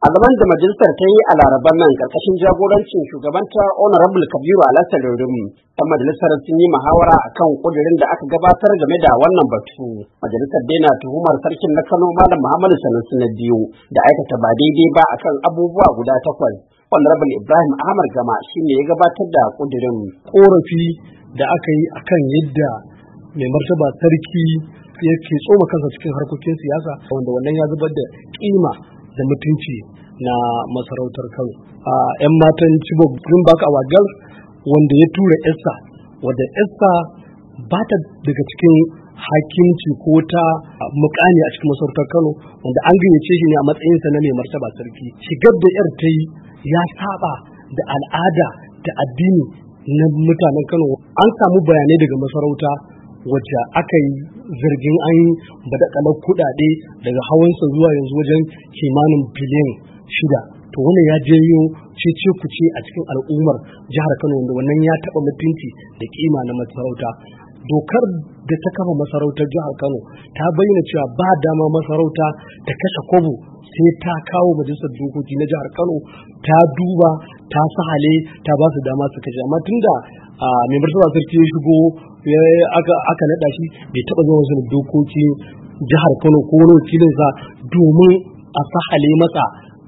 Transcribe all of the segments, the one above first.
a gaban da majalisar ta yi a laraban nan karkashin jagorancin shugabanta honorable kabiru alassar rurum ta majalisar sun yi muhawara akan kudirin da aka gabatar game da wannan batu majalisar dai na tuhumar sarkin na kano malam muhammadu sanusi na biyu da aikata ba daidai ba akan abubuwa guda takwas honorable ibrahim ahmad gama shine ya gabatar da kudirin korafi da aka yi akan yadda mai martaba sarki yake tsoma kansa cikin harkokin siyasa wanda wannan ya zubar da kima da mutunci na masarautar Kano. A 'yan matan Chibok Greenback a wanda ya tura Esther, wadda Esther ba ta daga cikin hakimci ko ta mukami a cikin masarautar Kano wanda an gayyace shi ne a matsayinsa na mai martaba sarki. Shigar da 'yar ta yi ya saba da al'ada da addini na mutanen Kano. An samu bayanai daga masarauta wacce aka yi zargin an yi badakalar kudade daga hawansa zuwa yanzu wajen kimanin biliyan shida to wannan ya je yo cece ku ce a cikin al'ummar jihar Kano wanda wannan ya taɓa mutunci da kima na masarauta dokar da ta kafa masarautar jihar Kano ta bayyana cewa ba dama masarauta ta kashe kobo sai ta kawo majalisar dokoki na jihar Kano ta duba ta sahale ta ba su dama su kashe amma tunda ah, mai martaba sarki ya shigo aka naɗa shi bai taɓa zama wasu dokokin jihar Kano ko wani wakilinsa domin a sahale masa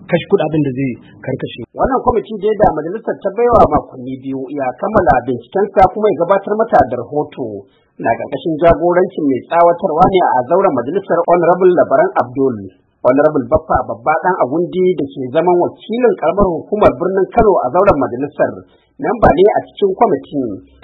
kashe kudaden da zai karkashe. Wannan kwamitin da ya da majalisar ta baiwa makonni biyu ya kammala bincikensa kuma ya gabatar mata da rahoto na ƙarƙashin jagorancin mai tsawatarwa ne a zauren majalisar Honorable Labaran Abdul. Honorable Baffa babba dan Agundi da ke zaman wakilin karamar hukumar birnin Kano a zauren majalisar nan ba ne a cikin kwamiti.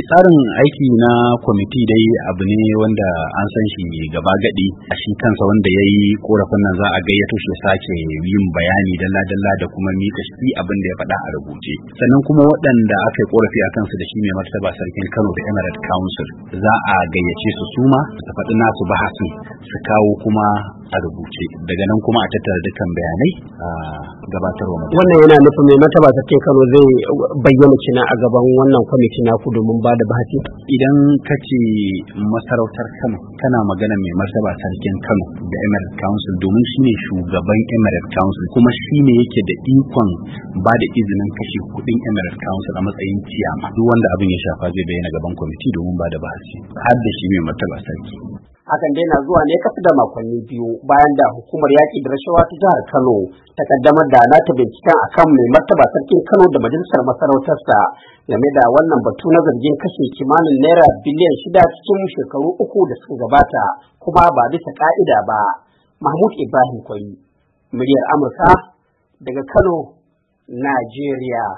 Tsarin aiki na kwamiti dai abu ne wanda an san shi gaba gadi a shi kansa wanda ya yi korafin nan za a gayyato shi sake yin bayani dalla-dalla da kuma mika shi abin da ya faɗa a rubuce. Sannan kuma waɗanda aka yi korafi a kansu da shi mai martaba sarkin Kano da Emirate Council za a gayyace su suma su faɗi nasu bahasi su kawo kuma a rubuce daga nan kuma a tattara dukkan bayanai a gabatarwa. Wannan yana nufin mai martaba sarkin Kano zai bayyana kina a gaban wannan kwamiti naku domin ba da bahasi idan ka ce masarautar kano kana magana mai martaba sarkin kano da emirate council domin shi ne shugaban emirate council kuma shi ne yake da ikon ba da izinin kashe kuɗin emirate council a matsayin ciyama duk wanda abin ya shafa zai bayyana gaban kwamiti domin ba da bahasi har da shi mai martaba sarki hakan dai na zuwa ne kasa da makonni biyu bayan da hukumar yaƙi da rashawa ta jihar kano ta kaddamar da nata binciken akan mai martaba sarkin kano da majalisar masarautarsa game da wannan batu na zargin kashe kimanin naira biliyan shida cikin shekaru uku da suka gabata kuma ba bisa ka'ida ba mahmud ibrahim kwai muryar amurka daga kano najeriya